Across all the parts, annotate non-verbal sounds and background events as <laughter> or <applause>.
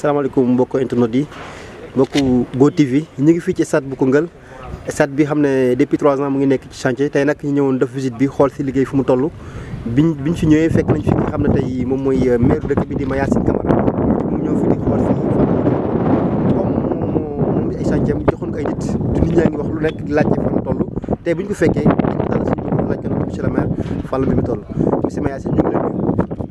salaamaaleykum mbokk internet yi mbokku Go TV ñu ngi fii ci stade bu Koungheul stade bi xam ne depuis trois ans mu ngi nekk ci chantier tey nag ñu ñëwoon def visite bi xool si liggéey fu mu toll bi biñ si ñëwee fekk nañ fi nga xam ne tey moom mooy euh, maire dëkk bi di Mayacine Camara mu ñëw fi di xool si fan comme moom joxoon ko ay nit ñaa ngi wax lu nekk di laajte fan toll tey buñ ko fekkee dañ ko dalal suñu bopp laajte na ko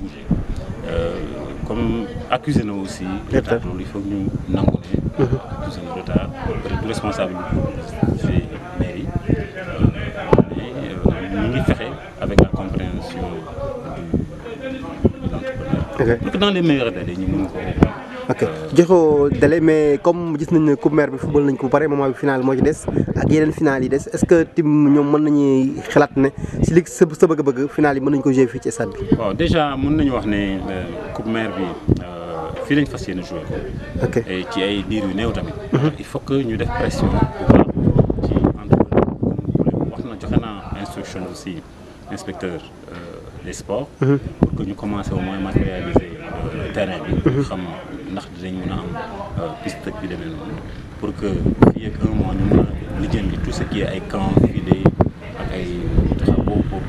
bouger euh, comme accusé nous aussi. il faut que nous nous responsable euh, mais euh, avec la compréhension dans les meilleurs délais ok Diokho Délé mais comme gis nañ ne coupe mère bi football nañ ko paré moment bi final mo ci dess ak yeneen final yi dess est ce que tim ñom mën nañ xalat né ci li sa sa bëgg-bëgg final yi mën nañ ko jouer fi ci stade bi. waaw déjà mën nañ wax ne euh, coupe mère bi. Euh, fi lañ fassiyé ñu jouer ok et ci ay diir yu néew tamit. Mhm. il faut que ñu def pression bu baax ci entreprenariat wax na joxe naa instruction aussi inspecteur euh, des sports. Mhm. pour que ñu commencer au moins matérialiser terrain bi. Mhm. xam ndax dinañ mën a am euh, piste bi demee noonu pour que fii ak un mois ñu mën a lijjanti tout ce qui est ay camp fii ak ay taxawu pour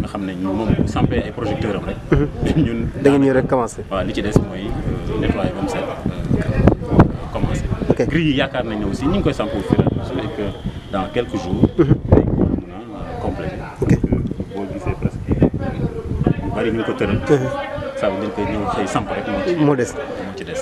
nga xam ne ñu moom sampé ay projecteurs am rek. Mhm. <laughs> ñun da ngeen ñu rek commencé. waaw li ci des mooy euh, nettoyer comme ça set euh, commencé. ok gris yi yaakaar nañ ne aussi ñu ngi koy sampu fii la su que dans quelques jours. presque bari ñu ko tëral. Mhm. ça veut dire que ñëw xëy samp rek moo des.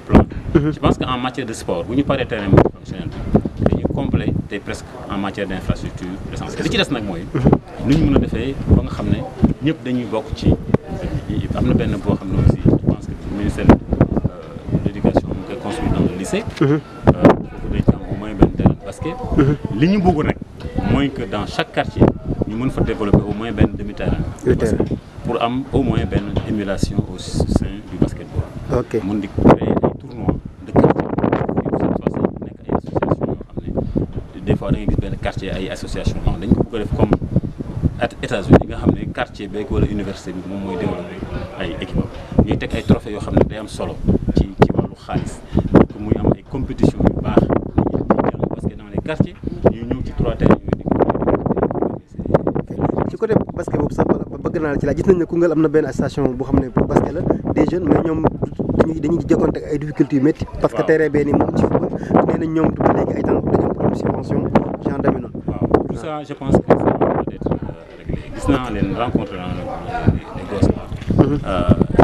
Mhm. je pense qu'en matière de sport vous pas terrain complet presque en matière d'infrastructure. Ce qui des nous mhm. aussi je pense que le ministère euh, de l'éducation dans le lycée. Mhm. Euh, moins que. que dans chaque quartier nous devons développer au moins demi terrain. pour au moins une émulation au sein du basketball. ok fois da gis benn quartier ay association non dañ ko bëgg def comme États-Unis nga xam ne quartier beeg wala université bi moom mooy développé ay équipement ñuy teg ay trophées yoo xam ne day am solo ci ci wàllu xaalis pour que muy am ay compétition yu baax nit ñi di jàng ñëw ci trois terrains yooyu di ko ci côté basket ne Koungheul am na benn xam ne pour basket la des jeunes mais ñoom dañuy dañuy jëkkoonte ay difficultés yu métti que terrain bee nii ci de subvention gendarme noonu. waaw tout ça je pense que ça peut être euh, réglé Sinon, on ne rencontre pas les gosses mhm. euh,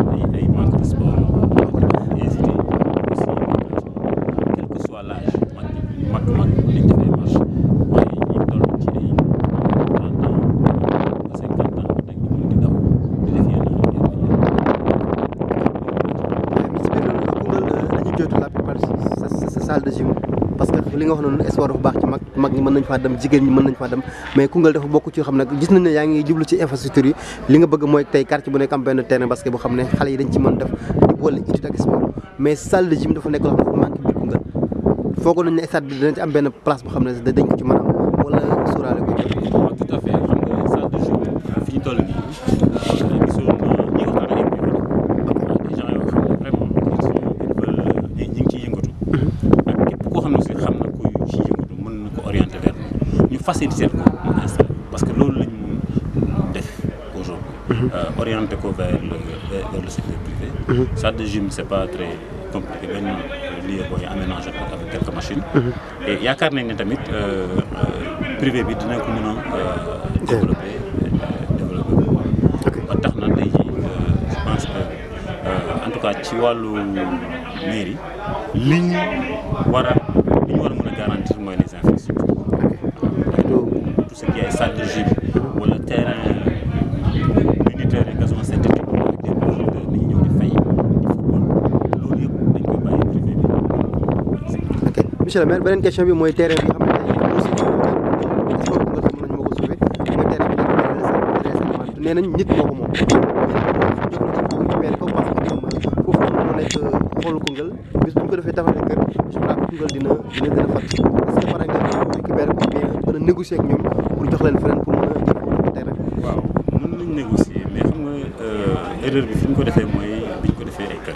parce que li nga wax noonu sport dafa baax ci mag mag ñi mën nañ faa dem jigéen ñi mën nañ faa dem mais Koungheul def di boole étude ne stade bi dinañ ci am benn place boo xam ne dañ ko ci mën am faciliter ko parce que loolu def aujourd'hui mhm. euh, orienter quoi vers le vers le secteur privé mhm. ça de gym c'est pas très compliqué benn euh, lieu booy aménagé avec quelques machines mhm. et yaakaar nañ ne euh, euh, privé bi dina ko mën euh, développer développer ba tax na tey je pense que en tout cas ci walu mairie li wara ñu garantir monsieur le maire beneen question bi mooy terrain bi nga xamante ne mosu ñu ko sauvé mooy terrain bi nekk ko moom. Euh, xoolu Koungheul bis bu ñu ko a fat est a négocier ak ñoom pour jox leen feneen a jëfandikoo xam nga euh, erreur bi fi ñu ko defee mooy bi ñu ko defee ay kër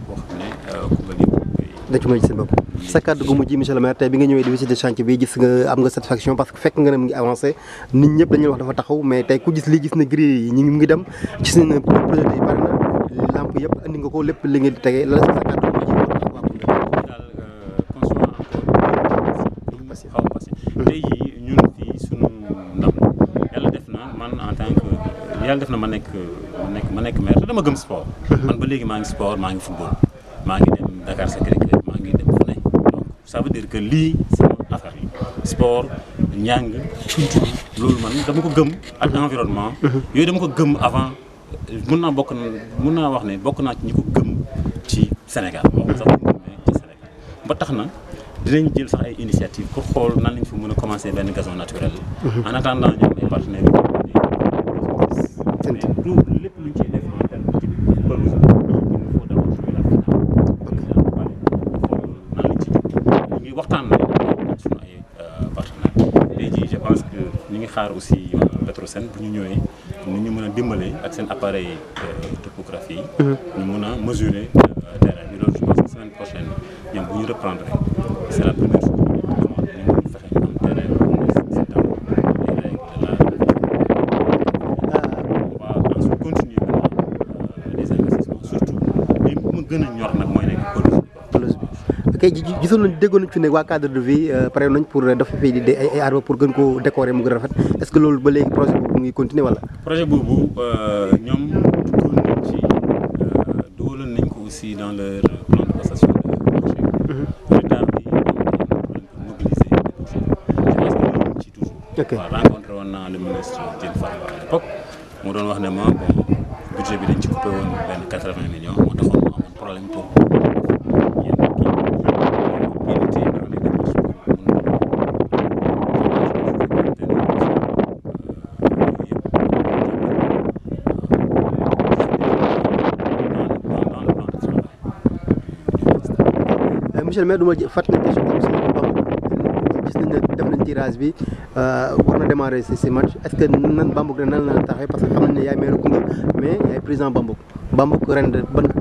da ci mën ci seen bopp sa kàddu gu mujj monsieur le maire tey bi nga ñëwee di visiter chantier bi gis nga am nga satisfaction parce que fekk nga ne mu ngi avancé nit ñëpp dañuy wax dafa taxaw mais tey ku gis lii gis na grille ñu ngi mu ngi dem gis na projet yëpp andi nga ko lépp li nga di tegee la sa kàddu gu mujj euh, tey jii ñun fii sunu ndam yàlla def na man en tant que yàlla def na ma nekk ma nekk ma nekk maire te dama gëm sport <laughs> man ba léegi maa ngi sport maa ngi football Dakar Sacré-Cœur ngi dem fu donc ça veut dire que lii si affaire yi sport ñang culture loolu man dama ko gëm ak environnement uh-huh. yoy dama ko gëm avant mun naa bokk na mun naa wax ne bokk na ci ñi gëm ci Sénégal moo sax ci Sénégal ba tax na dinañ jël sax ay initiatives ko xool nan lañ fi mëna commencer ben gazon naturel uh-huh. en attendant ñu am ay partenaires yu tout lépp luñ ci def ci xaar aussi euh, Petrosen bu ñu ñëwee ni ñu mën a dimbalee ak seen appareil euh, topographie mhm. ñu mën a mesurer euh, terrain bi loolu je pense que semaine prochaine ñoom bu ñu reprendre c'est la première kay gisoon nañ déggoon nañ fi ne waa cadre de vie euh, pare nañ pour dafa fii di ay arbre pour gën ko décorer mu gën a rafet est-ce que loolu ba léegi projet boobu mu ngi continuer wala. projet euh, ñoom dugal nañ ci euh, dugaloon nañ ko aussi dans leur plan de passation de projet. retard mhm. ci toujours. ok naa le doon wax ne ma bon moo taxoon mu amoon problème pour. monsieur le maire du ma fàttali question bi gis nañ ne def nañ tirage bi euh, war na si si match est que nan Bambouk ren nan la taxee parce que xam nañ ne yaay maire Koungheul mais yaay président Bambouk Bambouk ren ban